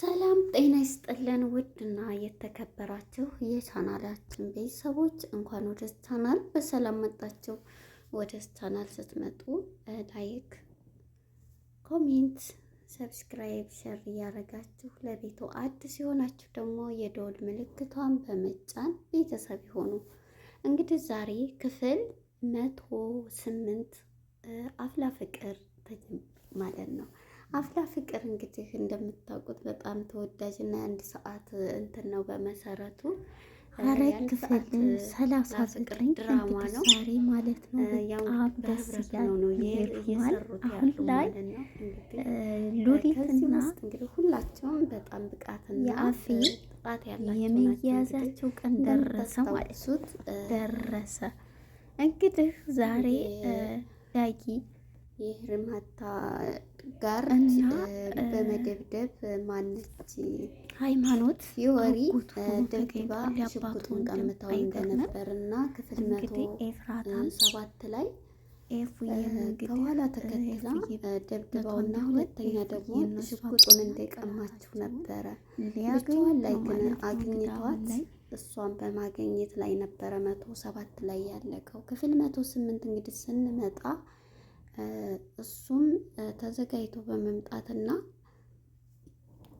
ሰላም ጤና ይስጥልን። ውድና የተከበራችሁ የቻናላችን ቤተሰቦች እንኳን ወደ ቻናል በሰላም መጣችሁ። ወደ ቻናል ስትመጡ ላይክ፣ ኮሜንት፣ ሰብስክራይብ፣ ሸር እያደረጋችሁ ለቤቱ አዲስ የሆናችሁ ደግሞ የደወል ምልክቷን በመጫን ቤተሰብ ይሆኑ። እንግዲህ ዛሬ ክፍል መቶ ስምንት አፍላ ፍቅር ማለት ነው አፍላ ፍቅር እንግዲህ እንደምታውቁት በጣም ተወዳጅ ተወዳጅና አንድ ሰዓት እንትን ነው በመሰረቱ ሐረግ ክፍል ሰላሳ ፍቅር ድራማ ነው ዛሬ ማለት ነው። አሁን ላይ ሉሊትና እንግዲህ ሁላቸውም በጣም ብቃት የአፌ ብቃት ያላቸው የመያዛቸው ቀን ደረሰ ማለት ደረሰ። እንግዲህ ዛሬ ዳጊ ርማታ ጋር በመደብደብ ማነች ሃይማኖት የወሪ ደብድባ ሽጉጡን ቀምተው እንደነበር እና ክፍል መቶ ሰባት ላይ ከኋላ ተከትላ ደብድባውና ሁለተኛ ደግሞ ሽጉጡን እንደቀማችው ነበረ። ልጅዋን ላይ ግን አግኝተዋት እሷን በማገኘት ላይ ነበረ። መቶ ሰባት ላይ ያለቀው ክፍል መቶ ስምንት እንግዲህ ስንመጣ እሱም ተዘጋጅቶ በመምጣትና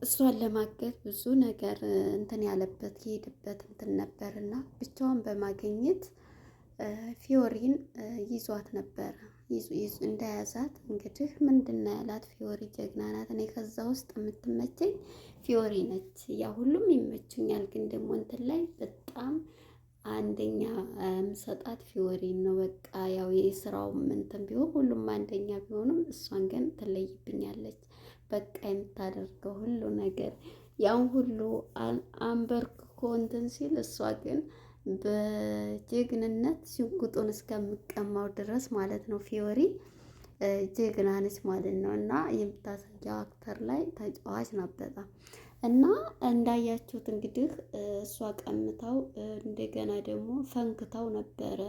እሷን ለማገዝ ብዙ ነገር እንትን ያለበት የሄደበት እንትን ነበር እና ብቻውን በማገኘት ፊዮሪን ይዟት ነበረ። እንደያዛት እንግዲህ ምንድን ነው ያላት፣ ፊዮሪ ጀግና ናት። እኔ ከዛ ውስጥ የምትመቸኝ ፊዮሪ ነች። ያ ሁሉም ይመቹኛል፣ ግን ደግሞ እንትን ላይ በጣም አንደኛ ምሰጣት ፊወሬን ነው። በቃ ያው የስራው እንትን ቢሆን ሁሉም አንደኛ ቢሆንም እሷን ግን ትለይብኛለች። በቃ የምታደርገው ሁሉ ነገር ያው ሁሉ አንበርክኮ እንትን ሲል እሷ ግን በጀግንነት ሽጉጡን እስከምቀማው ድረስ ማለት ነው ፊወሪ ጀግና ነች ማለት ነው። እና የምታሳያው አክተር ላይ ተጫዋች ናት በጣም እና እንዳያችሁት እንግዲህ እሷ ቀምታው እንደገና ደግሞ ፈንክታው ነበረ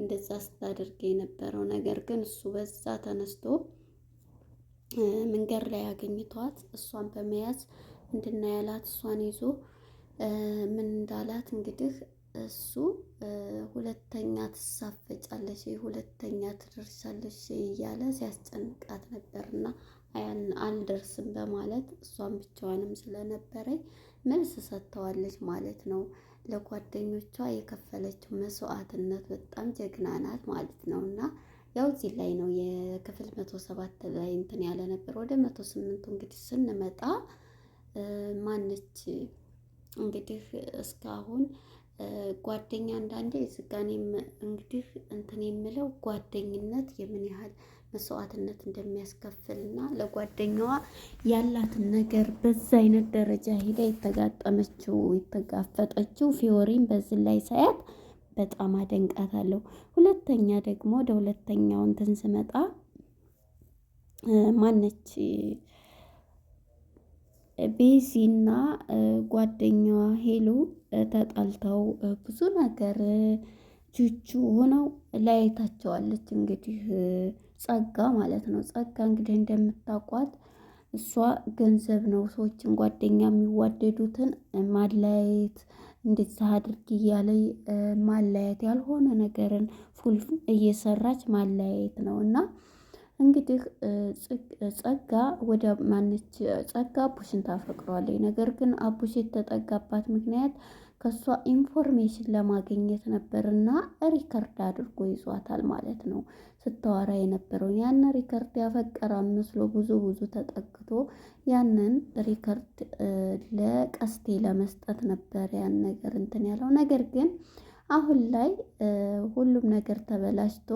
እንደዛ ስታደርግ የነበረው። ነገር ግን እሱ በዛ ተነስቶ መንገድ ላይ አገኝቷት እሷን በመያዝ እንድና ያላት እሷን ይዞ ምን እንዳላት እንግዲህ እሱ ሁለተኛ ትሳፈጫለሽ፣ ሁለተኛ ትደርሻለሽ እያለ ሲያስጨንቃት ነበርና አልደርስም በማለት እሷም ብቻዋንም ስለነበረኝ መልስ ሰጥተዋለች ማለት ነው። ለጓደኞቿ የከፈለችው መስዋዕትነት በጣም ጀግና ናት ማለት ነው። እና ያው እዚህ ላይ ነው የክፍል መቶ ሰባት ላይ እንትን ያለ ነበር። ወደ መቶ ስምንቱ እንግዲህ ስንመጣ ማነች እንግዲህ እስካሁን ጓደኛ አንዳንዴ እዚህ እንግዲህ እንትን የምለው ጓደኝነት የምን ያህል መስዋዕትነት እንደሚያስከፍል እና ለጓደኛዋ ያላትን ነገር በዛ አይነት ደረጃ ሄዳ የተጋጠመችው የተጋፈጠችው ፊዮሪን በዚህ ላይ ሳያት በጣም አደንቃታለሁ። ሁለተኛ ደግሞ ወደ ሁለተኛው እንትን ስመጣ ማነች ቤዚና ጓደኛዋ ሄሉ ተጣልተው ብዙ ነገር ቹቹ ሆነው ለያይታቸዋለች። እንግዲህ ጸጋ ማለት ነው። ጸጋ እንግዲህ እንደምታውቋት እሷ ገንዘብ ነው ሰዎችን ጓደኛ የሚዋደዱትን ማለያየት እንደዚህ አድርግ እያለ ማለያየት ያልሆነ ነገርን ፉል እየሰራች ማለያየት ነው እና እንግዲህ ጸጋ ወደ ማነች ጸጋ አቡሽን ታፈቅሯለች ነገር ግን አቡሽ የተጠጋባት ምክንያት ከእሷ ኢንፎርሜሽን ለማግኘት ነበርና ሪከርድ አድርጎ ይዟታል ማለት ነው። ስታወራ የነበረውን ያን ሪከርድ ያፈቀራ መስሎ ብዙ ብዙ ተጠግቶ ያንን ሪከርድ ለቀስቴ ለመስጠት ነበር ያን ነገር እንትን ያለው ነገር ግን አሁን ላይ ሁሉም ነገር ተበላሽቶ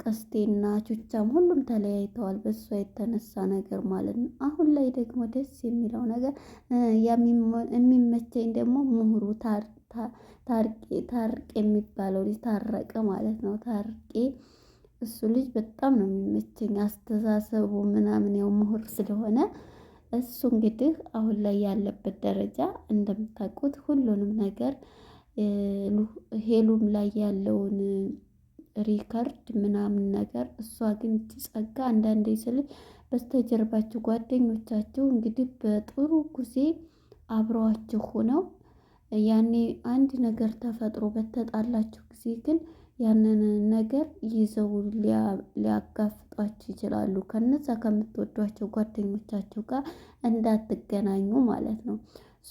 ቀስቴና ቹቻም ሁሉም ተለያይተዋል። በሷ የተነሳ ነገር ማለት ነው። አሁን ላይ ደግሞ ደስ የሚለው ነገር የሚመቸኝ ደግሞ ምሁሩ ታርቄ የሚባለው ልጅ ታረቀ ማለት ነው። ታርቄ እሱ ልጅ በጣም ነው የሚመቸኝ አስተሳሰቡ ምናምን ያው ምሁር ስለሆነ እሱ እንግዲህ አሁን ላይ ያለበት ደረጃ እንደምታውቁት ሁሉንም ነገር ሄሉም ላይ ያለውን ሪከርድ ምናምን ነገር። እሷ ግን ትጸጋ አንዳንዴ ስልሽ በስተጀርባችሁ ጓደኞቻችሁ እንግዲህ በጥሩ ጊዜ አብረዋችሁ ሆነው ያኔ አንድ ነገር ተፈጥሮ በተጣላችሁ ጊዜ ግን ያንን ነገር ይዘው ሊያጋፍጧችሁ ይችላሉ። ከነዛ ከምትወዷቸው ጓደኞቻችሁ ጋር እንዳትገናኙ ማለት ነው።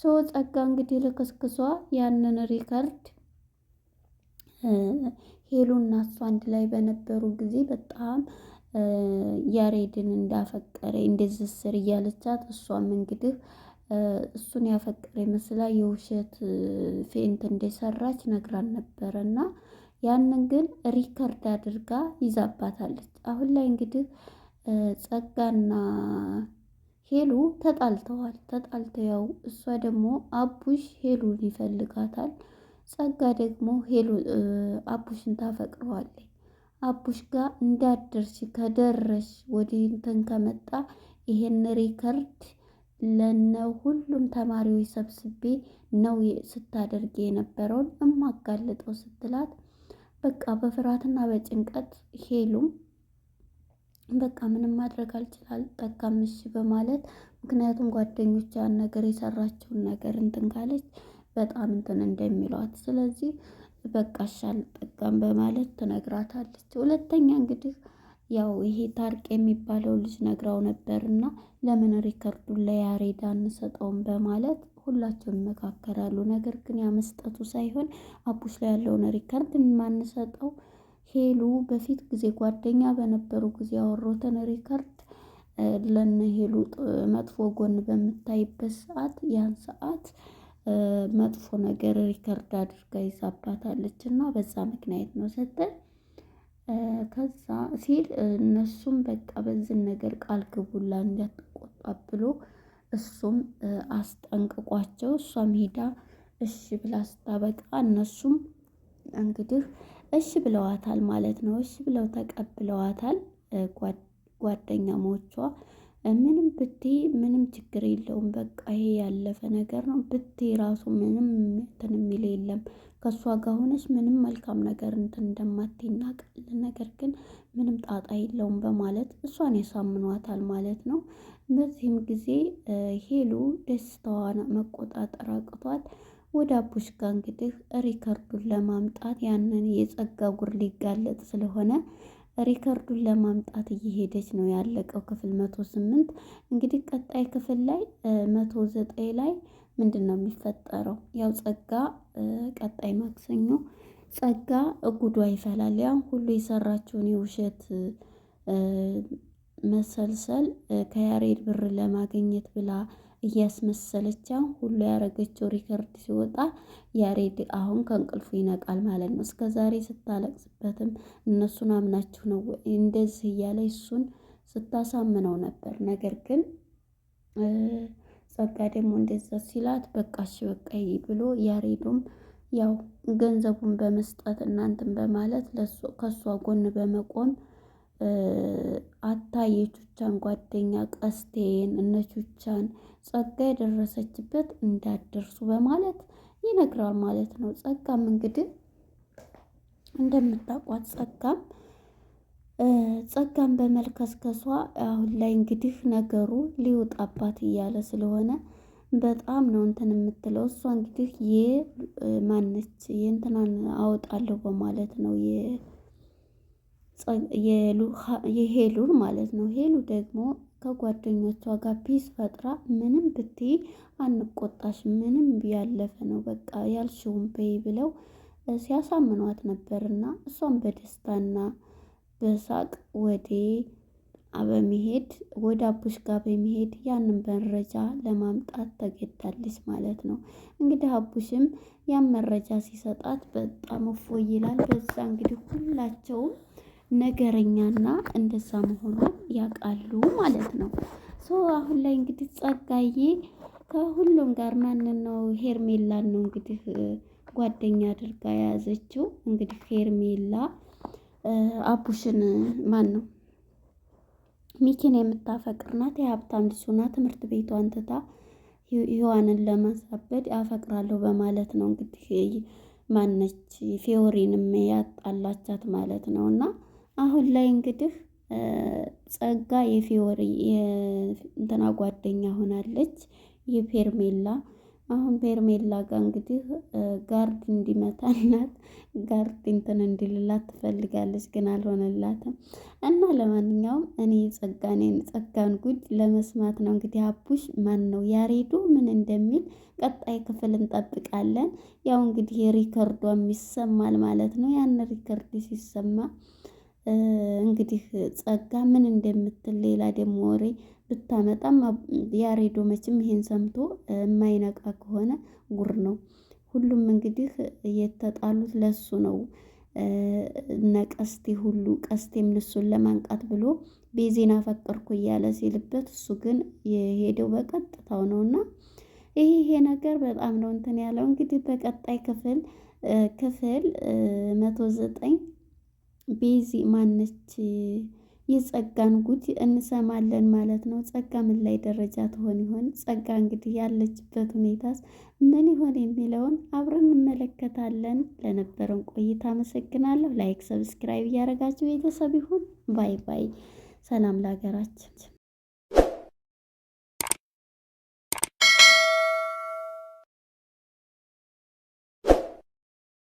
ሶ ጸጋ እንግዲህ ልክስክሷ ያንን ሪከርድ ሄሉና እሱ አንድ ላይ በነበሩ ጊዜ በጣም ያሬድን እንዳፈቀረ እንደዚህ ስር እያለቻት እሷም እንግዲህ እሱን ያፈቀረ መስላ የውሸት ፌንት እንደሰራች ነግራን ነበረ እና ያንን ግን ሪከርድ አድርጋ ይዛባታለች። አሁን ላይ እንግዲህ ጸጋና ሄሉ ተጣልተዋል። ተጣልተው ያው እሷ ደግሞ አቡሽ ሄሉን ይፈልጋታል። ጸጋ ደግሞ ሄሉ አቡሽን ታፈቅረዋለች። አቡሽ ጋር እንዳደርሽ ከደረሽ ወደ እንትን ከመጣ ይሄን ሪከርድ ለነ ሁሉም ተማሪዎች ሰብስቤ ነው ስታደርግ የነበረውን እማጋለጠው ስትላት በቃ በፍርሃትና በጭንቀት ሄሉም በቃ ምንም ማድረግ አልችላል ጠቃምሽ በማለት ምክንያቱም ጓደኞቿን ነገር የሰራችውን ነገር እንትን ካለች በጣም እንትን እንደሚሏት ስለዚህ በቃሽ አልጠቀም በማለት ትነግራታለች። ሁለተኛ እንግዲህ ያው ይሄ ታርቅ የሚባለው ልጅ ነግራው ነበር እና ለምን ሪከርዱን ለያሬድ አንሰጠውም በማለት ሁላቸው ይመካከራሉ። ነገር ግን ያመስጠቱ ሳይሆን አቡሽ ላይ ያለውን ሪከርድ የማንሰጠው ሄሉ በፊት ጊዜ ጓደኛ በነበሩ ጊዜ ያወሮትን ሪከርድ ለነ ሄሉ መጥፎ ጎን በምታይበት ሰዓት ያን ሰዓት መጥፎ ነገር ሪከርድ አድርጋ ይዛባታለች እና በዛ ምክንያት ነው ሰጠኝ። ከዛ ሲል እነሱም በቃ በዚህ ነገር ቃል ግቡላ እንዳትቆጣ ብሎ እሱም አስጠንቅቋቸው እሷም ሄዳ እሺ ብላ ስታበቃ እነሱም እንግዲህ እሺ ብለዋታል ማለት ነው። እሺ ብለው ተቀብለዋታል ጓደኛሞቿ ምንም ብቴ ምንም ችግር የለውም። በቃ ይሄ ያለፈ ነገር ነው ብቴ ራሱ ምንም እንትን የሚል የለም። ከእሷ ጋር ሆነች ምንም መልካም ነገር እንትን እንደማትናቅ ነገር ግን ምንም ጣጣ የለውም በማለት እሷን ያሳምኗታል ማለት ነው። በዚህም ጊዜ ሄሉ ደስታዋን መቆጣጠር አቅቷት ወደ አቡሽ ጋር እንግዲህ ሪከርዱን ለማምጣት ያንን የጸጋ ጉር ሊጋለጥ ስለሆነ ሪከርዱን ለማምጣት እየሄደች ነው። ያለቀው ክፍል መቶ ስምንት እንግዲህ ቀጣይ ክፍል ላይ መቶ ዘጠኝ ላይ ምንድን ነው የሚፈጠረው? ያው ጸጋ ቀጣይ ማክሰኞ ጸጋ እጉዷ ይፈላል። ያው ሁሉ የሰራችውን የውሸት መሰልሰል ከያሬድ ብር ለማግኘት ብላ እያስመሰለች ሁሉ ያረገችው ሪከርድ ሲወጣ ያሬድ አሁን ከእንቅልፉ ይነቃል ማለት ነው። እስከ ዛሬ ስታለቅስበትም እነሱን አምናችሁ ነው እንደዚህ እያለ እሱን ስታሳምነው ነበር። ነገር ግን ጸጋ ደግሞ እንደዛ ሲላት በቃሽ በቃይ ብሎ ያሬዱም ያው ገንዘቡን በመስጠት እናንትን በማለት ከእሷ ጎን በመቆም አታ ጓደኛ ቀስቴን እነ ቹቻን ጸጋ የደረሰችበት እንዳደርሱ በማለት ይነግራል ማለት ነው። ጸጋም እንግዲህ እንደምታቋት ጸጋም ጸጋም በመልከስከሷ አሁን ላይ እንግዲህ ነገሩ ሊወጣባት እያለ ስለሆነ በጣም ነው እንትን የምትለው እሷ እንግዲህ የማነች የእንትናን አወጣለሁ በማለት ነው የሄሉን ማለት ነው። ሄሉ ደግሞ ከጓደኞቿ ጋር ፒስ ፈጥራ ምንም ብትይ አንቆጣሽ፣ ምንም ያለፈ ነው በቃ ያልሽውን በይ ብለው ሲያሳምኗት ነበርና እሷም በደስታና በሳቅ ወዴ በመሄድ ወደ አቡሽ ጋር በመሄድ ያንን መረጃ ለማምጣት ተገዳለች ማለት ነው። እንግዲህ አቡሽም ያን መረጃ ሲሰጣት በጣም እፎይ ይላል። በዛ እንግዲህ ሁላቸውም ነገረኛና እንደዛ መሆኑን ያውቃሉ ማለት ነው። ሶ አሁን ላይ እንግዲህ ጸጋዬ ከሁሉም ጋር ማንን ነው? ሄርሜላን ነው እንግዲህ ጓደኛ አድርጋ የያዘችው። እንግዲህ ሄርሜላ አቡሽን ማን ነው ሚኪን የምታፈቅር ናት። የሀብታም ልጅ ትምህርት ቤቷን ትታ ህዋንን ለማሳበድ አፈቅራለሁ በማለት ነው እንግዲህ ማነች ፌዎሪንም ያጣላቻት ማለት ነው እና አሁን ላይ እንግዲህ ጸጋ የፊወር እንትና ጓደኛ ሆናለች የፔርሜላ አሁን ፔርሜላ ጋር እንግዲህ ጋርድ እንዲመታላት ጋርድ እንትን እንዲልላት ትፈልጋለች፣ ግን አልሆነላትም። እና ለማንኛውም እኔ ጸጋኔን ጸጋን ጉድ ለመስማት ነው እንግዲህ አቡሽ ማን ነው ያሬዱ ምን እንደሚል ቀጣይ ክፍል እንጠብቃለን። ያው እንግዲህ የሪከርዷም ይሰማል ማለት ነው። ያን ሪከርድ ሲሰማ እንግዲህ ጸጋ ምን እንደምትል ሌላ ደግሞ ወሬ ብታመጣም ያሬዶ መቼም ይሄን ሰምቶ የማይነቃ ከሆነ ጉር ነው። ሁሉም እንግዲህ የተጣሉት ለሱ ነው። እነ ቀስቴ ሁሉ ቀስቴም ንሱን ለማንቃት ብሎ ቤዜን አፈቀርኩ እያለ ሲልበት እሱ ግን የሄደው በቀጥታው ነውና ይህ ይሄ ነገር በጣም ነው እንትን ያለው። እንግዲህ በቀጣይ ክፍል ክፍል መቶ ዘጠኝ ቤዚ ማነች የጸጋን ጉድ እንሰማለን ማለት ነው። ጸጋ ምን ላይ ደረጃ ትሆን ይሆን? ጸጋ እንግዲህ ያለችበት ሁኔታስ ምን ይሆን የሚለውን አብረን እንመለከታለን። ለነበረን ቆይታ አመሰግናለሁ። ላይክ፣ ሰብስክራይብ እያደረጋችሁ ቤተሰብ ይሁን። ባይ ባይ። ሰላም ለሀገራችን።